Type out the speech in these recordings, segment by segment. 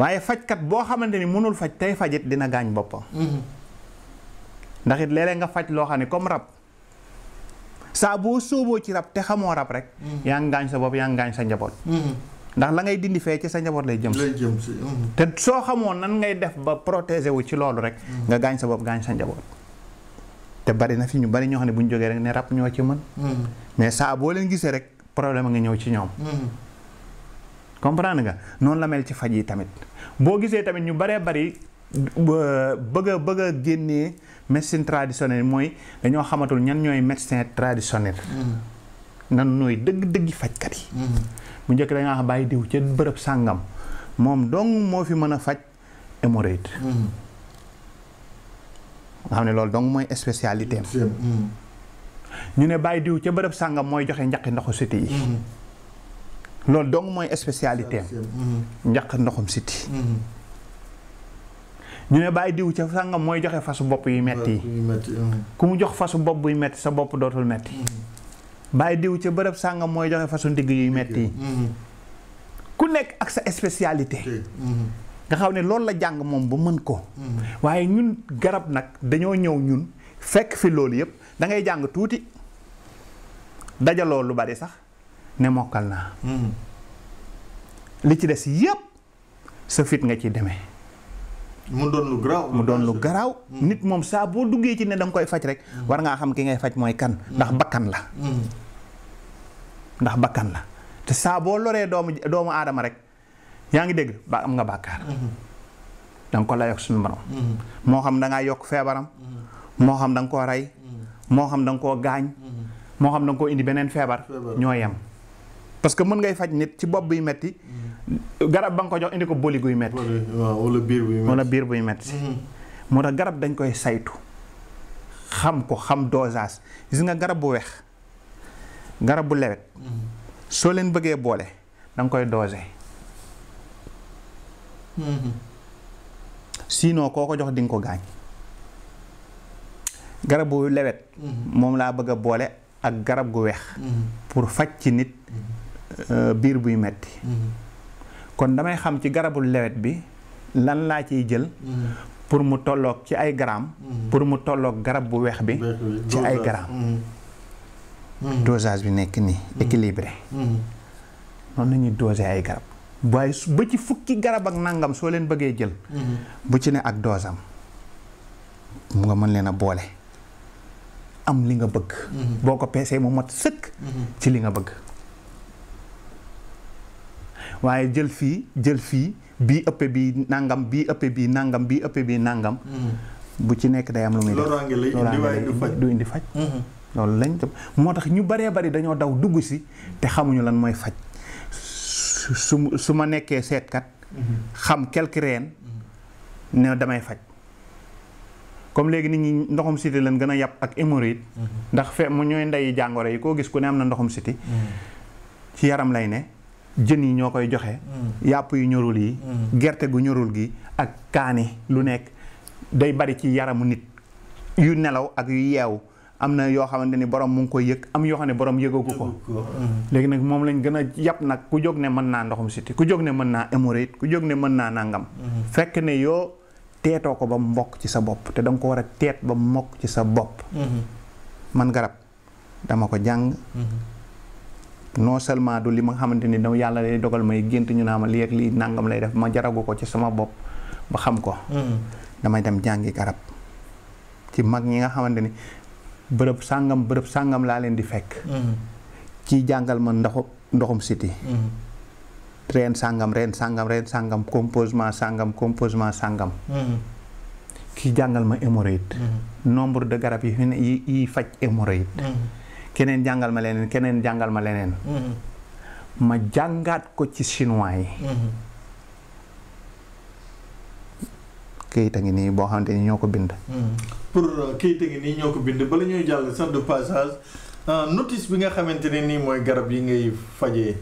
waye fajj kat bo xamanteni mënul fajj tay fajit dina gaañ hmm ndax it lélé nga fajj lo xam comme rap sa bo sóoboo ci rap té xamoo rap rek mhm. ya nga gañ sa bopp ya nga gañ sa hmm ndax la ngay dindi fé ci sa njabot lay jëm ci mhm. te so xamoon nan ngay def ba protéger wu ci lolu rek mhm. nga gañ sa bopp gañ sa njabot te bari na fi ñu bari ño xam ne joggé rek né rap ño ci mën mais sa bo leen gisee rek problème nga ñëw ci hmm comprendre nga noonu la mel ci faj yi tamit boo gisee tamit ñu baree bari bëgg a bëgg a génnee médecine mooy dañoo xamatul ñan ñooy médecin traditionnel mm-hmm. nan nooy dëgg-dëggi fajkat yi bu mm-hmm. njëkk da xam bàyyi diw ca bërëb sàngam moom dong moo fi mën a faj hémorroïde mm-hmm. ne loolu dong mooy spécialité ñu ne bàyyi diw ca bërëb sàngam mooy joxe njaqi ndoxu siti yi loolu dong mooy spécialité am njaq mhm. ndoxum siti mhm. ñu ne bàyyi diw ca sàngam mooy joxe fasu bopp yu metti yi mhm. ku mu jox fasu bopp buy metti sa bopp dootul metti bàyyi diw ca bërëb sàngam mooy joxe fasu ndigg yuy metti yi ku nekk ak sa spécialité nga xam ne loolu la jàng moom ba mën ko waaye ñun garab nag dañoo ñëw ñun fekk fi loolu yëpp da ngay jàng tuuti dajaloo lu bari sax ne mokkal naa hmm. li ci des yépp sa fit nga ci deme mu doon lu garaaw mu doon lu hmm. garaaw hmm. nit moom saa boo duggee ci ne danga koy faj rek war ngaa xam ki ngay faj mooy kan ndax bakkan la ndax bakkan la te saa boo loree doomu doomu aadama rek yaa ngi dégg ba am nga bàkkaar danga ko layoog suñu borom moo xam danga yokk feebaram moo xam da nga koo rey moo xam da ko koo gaañ moo xam da nga koo indi beneen feebar ñoo yem parce que mën ngay faj nit ci bopp buy metti garab ba nga ko jox indi ko boli guy metti wala biir buy metti wala biir buy metti mhm. moo tax garab dañ koy saytu xam ko xam dosage gis nga garab bu weex garab bu lewet mhm. leen bëggee boole da nga koy doser mhm. sinon koo ko jox di ko gaañ garab bu moom laa bëgg a boole ak garab gu weex pour faj ci nit Euh, biir buy metti kon damay xam ci garabul lewet bi lan laa ciy jël pour mu tolloog ci ay garaam pour mu tolloog garab bu weex bi ci ay garaam dosage bi nekk nii équilibré noonu lañuy doser ay garab waaye ba ci fukki garab ak nangam soo leen bëggee jël bu ci ne ak doosam mu nga mën leen a boole am li nga bëgg mhm. boo ko peesee mu mat sëkk mhm. ci li nga bëgg waye jël fi jël fi bi ëppe bi nangam bi ëppe bi nangam bi ëppe bi nangam hmm. bu ci nek day am lu muy def loraange du indi fajj hmm. loolu lañ moo motax ñu bari bari dañoo daw dugg si té xamuñu lan moy fajj suma nekké ma kat hmm. xam quelque reen né damay fajj comme légui nit ñi ndoxum cité lañ gëna yap ak hémorroïde ndax fé mu ñoy nday jangoré ko gis ku né am na ndoxum cité ci yaram lay né jën yi ñoo koy joxe. Mm. yàpp yu ñorul yi. Mm. gerte gu ñorul gi ak kaani lu nekk day bari ci yaramu nit yu nelaw ak yu yeew am na yoo xamante ni boroom mu ngi koy yëg am yoo xam ne borom yëgagu ko. Mm. léegi nag moom lañ gën a yàpp nag ku jóg ne mën naa ndoxum siti ku jóg ne mën naa hémorroïde ku jóg ne mën naa nangam. fekk ne yoo teetoo ko ba mu mbokk ci sa bopp te da ko war a teet ba mu mbokk ci sa bopp. Mm-hmm. man garab dama ko jàng. Mm-hmm. non seulement du li ma xamanteni dama yalla lay dogal may gentu ñu naama li ak li nangam lay def ma jaragu ko ci sama bop ba xam ko. Hmm. damay dem jangi garab ci mag ñi nga xamanteni beurep sangam beurep sangam la laa leen di fekk. ci hmm. jangal ma ndoxu ndoxum hmm ren sangam ren sangam ren sangam composement sangam composement hmm ki jangal ma hémorroïde. Hmm. nombre de garab yi fi ne yi faj keneen jàngal ma leneen keneen jàngal ma leneen. Mm-hmm. ma jàngaat ko ci chinois yi. Mm-hmm. kayit a ngi nii boo xamante ni ñoo ko bind. Mm-hmm. pour euh, kayit a ngi nii ñoo ko bind bala ñuy jàll sax de passage euh, notice bi nga xamante ni nii mooy garab yi ngay fajee.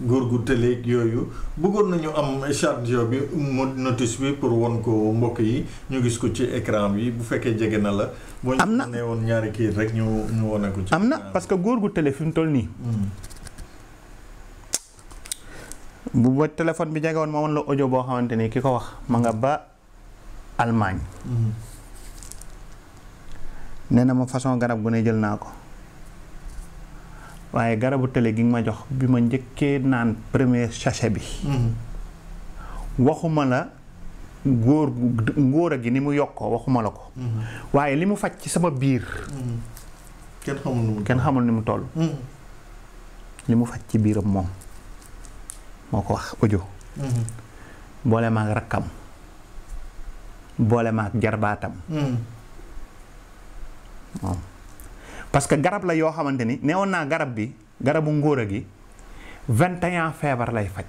gor gu ak yoyu bëggoon nañu am chargeur bi mo notice bi pour won ko mbokk yi ñu gis ko ci écran bi bu fekkee jege na la. bo ñu ne woon ñaari ki rek ñu ñu wane ko ci. amna parce que gor gu tële fim toll hmm. bu bo téléphone bi jege won ma won la audio bo xamanteni kiko wax ma nga ba Allemagne. Hmm. nee ma façon garab gu ne jël nako ko. waaye garabu télé gi nga ma jox bi ma njëkkee naan premier sachet bi mm-hmm. waxuma la ngóor a gi ni mu yokkoo waxuma la ko mm-hmm. waaye li mu faj ci sama biir mm-hmm. kenn xamul ni mu kenn mu li mu faj ci biiram moom moo ko wax audio boole maag rakkam boole maag jarbaatam parce que garab la yoo xamante ni neewoon naa garab bi garabu ngóora gi 21 feebar lay faj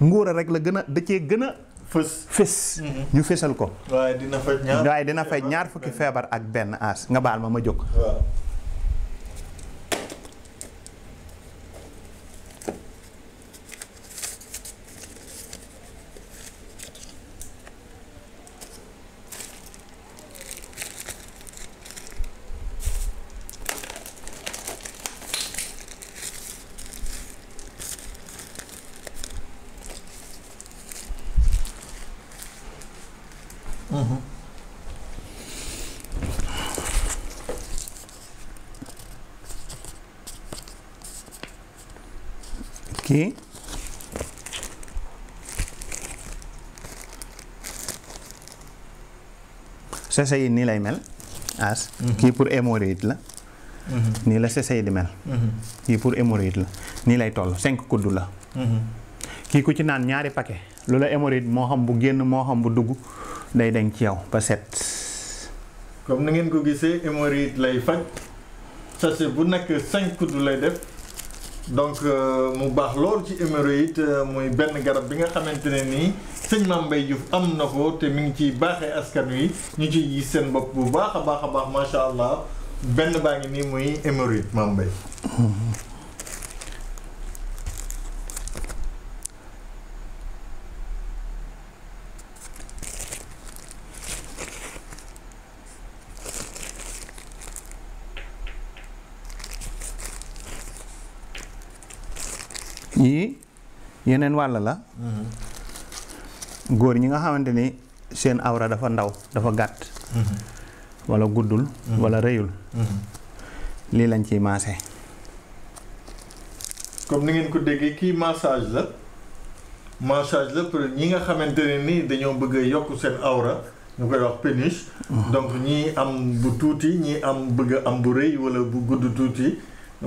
ngóora rek la gën a da cee gën a fës fës mhm. ñu fësal ko waaye dina faj ñaar fukki feebar ak benn aas nga baal ma ma jóg aqui. sachet yi nii lay mel as mhm. kii pour hémorroïde la mhm. nii la sachet yi mhm. la nii lay toll cinq kudd la kii ku ci naan ñaari paquet lu la hémorroïde moo xam bu génn moo xam bu dugg day dañ ci yow ba set comme na ko gisee hémorroïde lay faj sachet bu nekk cinq kudd lay def donc euh, mu baax loolu ci hémorroïde euh, muy benn garab bi nga xamante ne nii sëñ Mame Mbaye Diouf am na ko te mi ngi ciy baaxee askan wi ñu ci gis seen bopp bu baax a baax a baax macha allah benn baa ngi nii muy hémorroïde Mame Mbaye yii yeneen wàll la góor ñi nga xamante ni seen awra dafa ndaw dafa gàtt wala guddul wala rëyul lii lañ ci maase comme ni ngeen ko déggee kii massage la massage la pour ñi nga xamante ne ni dañoo bëgg a yokk seen awra ñu koy wax pénis donc ñii am bu tuuti ñii am bëgg am bu rëy wala bu gudd tuuti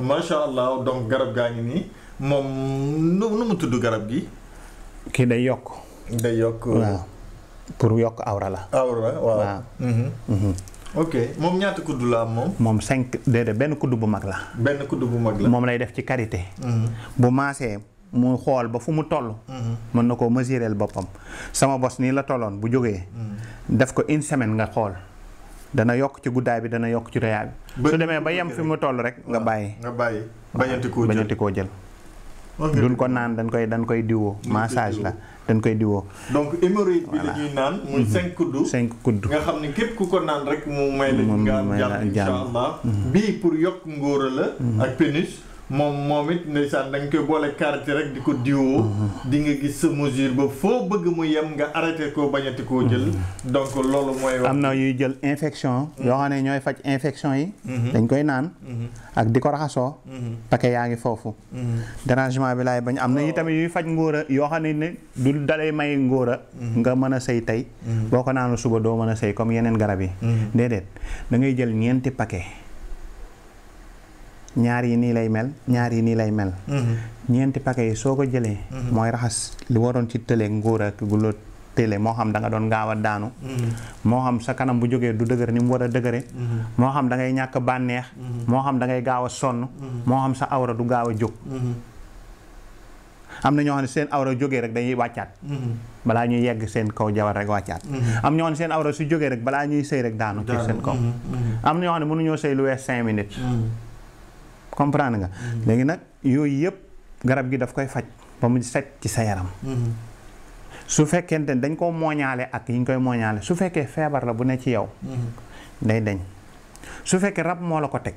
macha allah donc garab gaa ngi nii moom nu mu tudd garab gi. kii day yokk. day yokk mm. waaw. pour yokk awra la. awra waaw mm-hmm. Mm-hmm. moom ñaata kudd la am moom. moom cinq déedéet benn kudd bu mag la. benn kudd bu mag la. moom lay def ci karité. Mm-hmm. bu maasee mu xool ba fu mu toll. mën na koo mesureel boppam. sama bos nii la toloon bu jógee. def ko une semaine nga xool. dana yokk ci guddaay bi dana yokk ci rëyaay bi. su demee ba yem fi mu toll rek nga bàyyi. nga bàyyi bañanti koo jël bañanti koo jël. duñ ko naan dañ koy dañ koy diwoo massage la dañ koy diwoo donc hémorroïde bi la ñuy naan muy mhm. cinq kuddu cinq kuddu nga xam ne képp ku ko naan rek mu may la nga am mhm. bii pour yokk ngóora la mhm. ak pénis moom moom it ndeysaan da nga koy boole karité rek di ko diwoo mm-hmm. di nga gis sa mesure ba foo bëgg mu yem nga arrêté ko bañati koo jël mm-hmm. donc loolu mooy am na yuy jël infection mm-hmm. yoo xam ne ñooy faj infection yi dañ koy naan ak di ko raxasoo paquet yaa ngi foofu dérangement bi laay bañ am na yi tamit yuy faj ngóora yoo xam ne ne du dalay may ngóora nga mën a sëy tey boo ko naanu suba doo mën a sëy comme yeneen garab yi déedéet da jël ñeenti paquet ñaar yi nii lay mel ñaar yi nii lay mel mm-hmm. ñeenti paquet soo ko jëlee mm-hmm. mooy raxas li waroon ci tële ngoor ak gulóot télé moo xam da doon gaaw daanu mm-hmm. moo xam sa kanam bu jógee du dëgër ni mu war a dëgëre moo xam da ngay ñàkk bànneex moo xam da ngay gaaw a sonn moo xam sa awra du gaaw a jóg am na ñoo xam ne seen awra jógee rek dañuy wàccaat balaa ñuy yegg seen kaw jabar wàccaat am ñoo xam ne su jógee rek balaa ñuy sëy rek daanu ci seen kaw am na ñoo xam ne mënuñoo sëy lu wees cinq minutes comprendre nga mhm. léegi nak yoy yep garab gi daf koy fajj ba mu set ci sa yaram mhm. su fekente dañ ko mooñaale ak yi ñu koy mooñaale su fekke feebar la bu ne ci yow mhm. day dañ su fekke rab mo la ko tek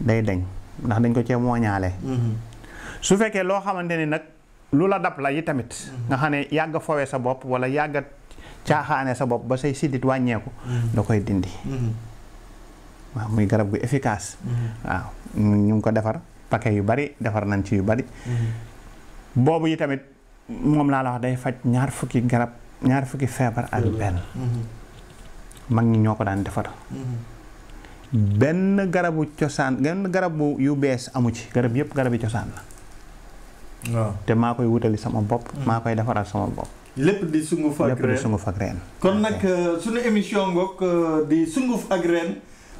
day dañ ndax dañ ko ci mooñaale su fekke lo xamanteni nak lula lu la dab la yi tamit nga xane yag fowe sa bop wala yag caaxaane sa bop ba say sidit wàññeeku da koy dindi waaw ah, muy garab gu efficace. waaw ñu ko defar paquet yu bari defar nañ ci yu bari. Mm-hmm. boobu yi tamit moom laa la wax day faj ñaar fukki garab ñaar fukki feebar ak benn. Mm-hmm. mag ñi ñoo ko daan defar. Mm-hmm. benn garabu cosaan benn garabu yu bees amu ci garab yëpp garabi cosaan la. te koy wutali sama bopp. Mm. maa koy defaral sama bopp. lépp di sunguf ak ren di kon nag euh, sunu émission ngoog euh, di sunguf ak ren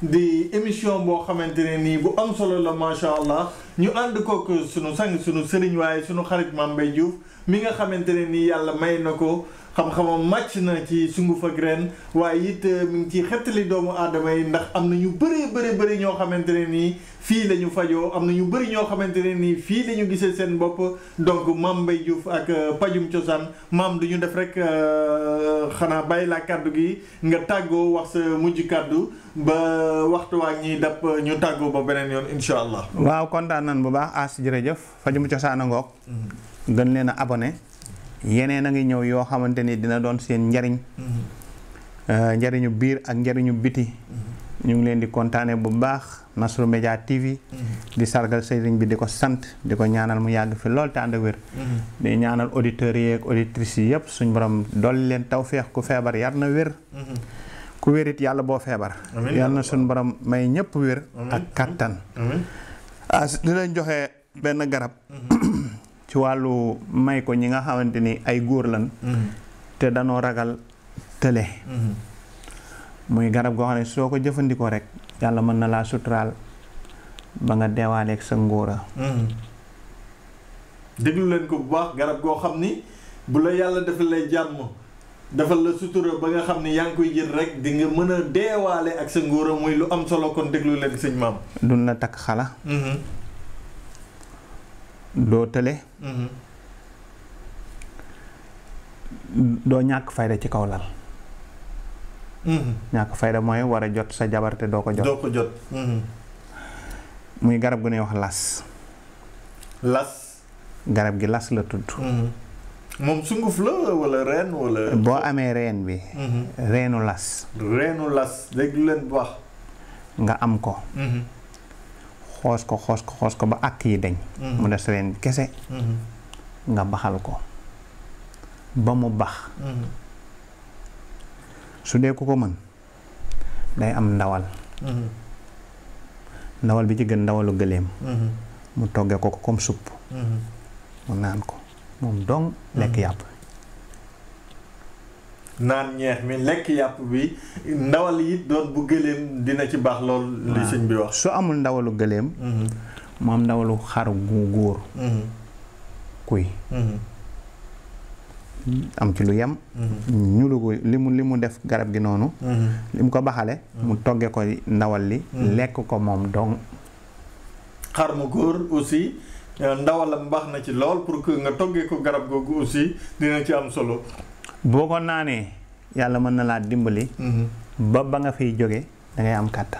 di émission boo xamante ne nii bu am solo la macha allah ñu ànd kook sunu sang sunu sëriñ waaye sunu xarit Mame Mbaye Diouf mi nga xamante ne nii yàlla may na ko xam-xamam màcc na ci sunguf ak ren waaye it eh, mi ngi ciy xettali doomu aadama yi ndax am na ñu bëree bëri bëri ñoo xamante ne nii fii la ñu fajoo am na ñu bëri ñoo xamante ne nii fii la ñu gisee seen bopp donc maam Mbaye Diouf ak eh, pajum cosaan maam du ñu def rek eh, xanaa bàyyi laa kàddu gi nga tàggoo wax sa mujj kàddu ba waxtu waa ñuy dab ñu tàggoo ba beneen yoon incha allah. waaw kontaan nañ bu baax as jërëjëf fajum cosaan a ngoog. Mm-hmm. gën leen a yeneen a ngi ñëw yoo xamante ni dina doon seen njariñ mm-hmm. euh, njariñu biir ak njariñu biti mm-hmm. ñu ngi leen di kontaane bu baax nasru media TV mm-hmm. di sargal sëriñ bi di ko sant di ko ñaanal mu yàgg fi lool te ànd wér di ñaanal auditeur yi ak auditrice yi yëpp suñ borom dolli leen tawféex ku feebar yar na wér ku wérit yàlla boo feebar yàlla na suñ borom may ñëpp wér ak kàttan ah dinañ joxe benn garab ci wàllu may ko ñi nga xamante ni ay góor lan mm-hmm. te danoo ragal tële mm-hmm. muy garab goo xam ne soo ko jëfandikoo rek yàlla mën na laa suturaal ba nga deewaaleeg sa ngóora mm-hmm. déglu goo xam ni la yàlla defal lay la sutura ba nga xam ni yaa ngi koy jël rek di mën a deewaale ak sa ngóora muy lu am solo kon déglu leen sëñ maam. duñ la takk xala. doo tële mm-hmm. doo ñàkk fayda ci kaw lal mm-hmm. ñàkk fayda mooy war a jot sa jabar te doo ko jot mm-hmm. muy garab gu ne wax las las garab gi las la tudd moom sunguf la wala reen wala boo amee reen bi reenu las reenu las dégg leen bu wax nga am ko xoos ko xoos ko xoos ko ba ak yi deñ mhm. mu ne reen bi kese mhm. nga baxal ko ba mu bax mhm. su dee ko ko mën day am ndawal ndawal bi ci gën ndawalu gëléem mu ko ko comme supp mu naan ko moom dong lekk yàpp nan ñeex mi lekk yàpp bi ndawal yi doon bu gëléem dina ci baax lool li sëñ bi wax su amul ndawalu gëléem mhm. mu am ndawalu xar gu góor mhm. kuy mhm. am ci lu yam lu ko li mu li def garab gi noonu li mu ko baxale mu togge ko ndawal li lekk ko moom dong xar mu góor aussi eh, ndawalam baax na ci lool pour que nga togge ko garab googu aussi dina ci am solo boko nané yalla yàlla mën na la dimbali. Mm-hmm. ba ba nga fiy joggé da ngay am katan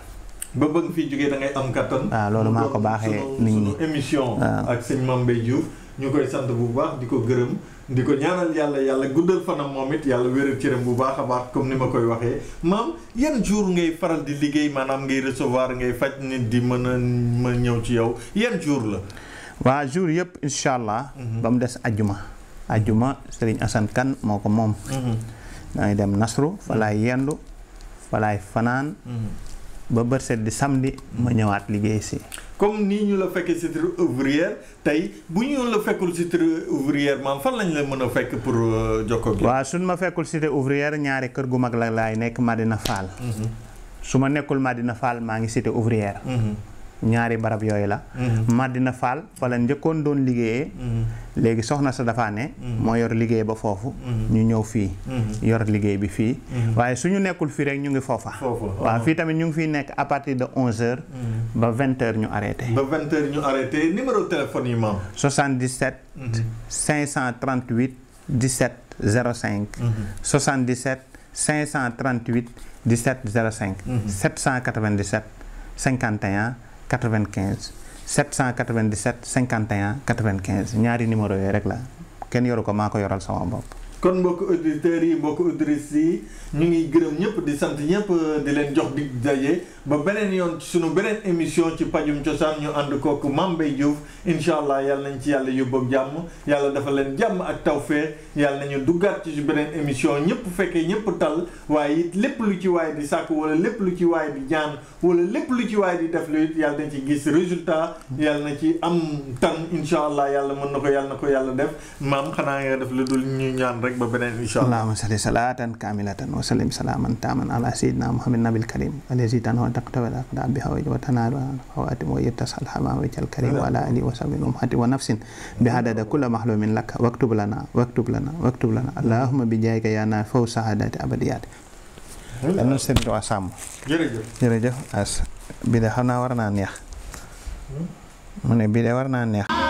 ba ba nga fiy joggé da ngay am katan ah lolu mako baxé baaxee nit ñi émission. Ah. ak seigne mambe Diouf ñukoy sant bu baax diko gëreum diko ñaanal yalla yalla guddal fanam momit yalla ci rem bu baax baax comme ni koy waxé mam yan jour ngay faral di liggéey manam ngay recevoir ngay fajj nit di mëna ma ñëw ci yow yan jour la. wa jour yëpp inshallah mm-hmm. bam dess aljuma ajuma ah, sëriñ asan kan moo mom mm-hmm. Nah dangay dem nasru falayan laay yendu fa laay mm-hmm. ba bët set di samedi mm-hmm. uh, ma ñëwaat liggéey si comme ni ñu la ci structure ouvrière tay bu ñu la fekkul structure ouvrière man fan lañ la mëna fekk pour jokko bi wa suñ ma fekkul structure ouvrière ñaari kër gu mag la lay nekk Madina Fall su nekkul Madina Fall ma ngi cité ouvrière ñaari barab à la mm-hmm. Madina Fall mm-hmm. soxna sa dafa mm-hmm. yor ba ñu yor bi suñu nekkul rek ñu ngi tamit ñu ngi nekk à partir de 11h ba ñu arrêté ba ñu arrêté numéro téléphone 77 538 17 05 77 538 17 05 797 51 95 797 51 95 ñaari numéro yooyu rek la kenn yoru ko maa ko yoral sama bopp kon mbokk auditeurs yi mbokk auditrices yi ñu ngi gërëm ñëpp di sant ñëpp di leen jox dig daje ba beneen yoon sunu beneen émission ci pajum cosaan ñu ànd kooku Mame Mbaye Diouf incha allah yàlla nañ ci yàlla yóbbu ak jàmm yàlla dafa leen jàmm ak tawféex yàlla nañu duggaat ci beneen émission ñëpp fekkee ñëpp tal waaye it lépp lu ci waay di sàkk wala lépp lu ci waay di jaan wala lépp lu ci waay di def lu it yàlla na ci gis résultat yàlla na ci am tan incha allah yàlla mën na ko yàlla na ko yàlla def maam xanaa def lu dul ñu ñaan rek ba beneen incha allah allahuma salli salaatan kaamilatan wa sallim salaaman taaman ala sayyidina muhammad nabil karim alazi tanhu taqtawal aqdam biha wa tanalu khawatim wa yattasal hamam wajhal karim wa ala alihi wa sahbihi umhati wa nafsin bihadada kull mahlumin lak waktub lana waktub lana waktub lana allahumma bijayka ya na faw sahadati abadiyat lan seen do asam jërëjëf jërëjëf as bi de xam naa war naa neex mu ne bi de war naa neex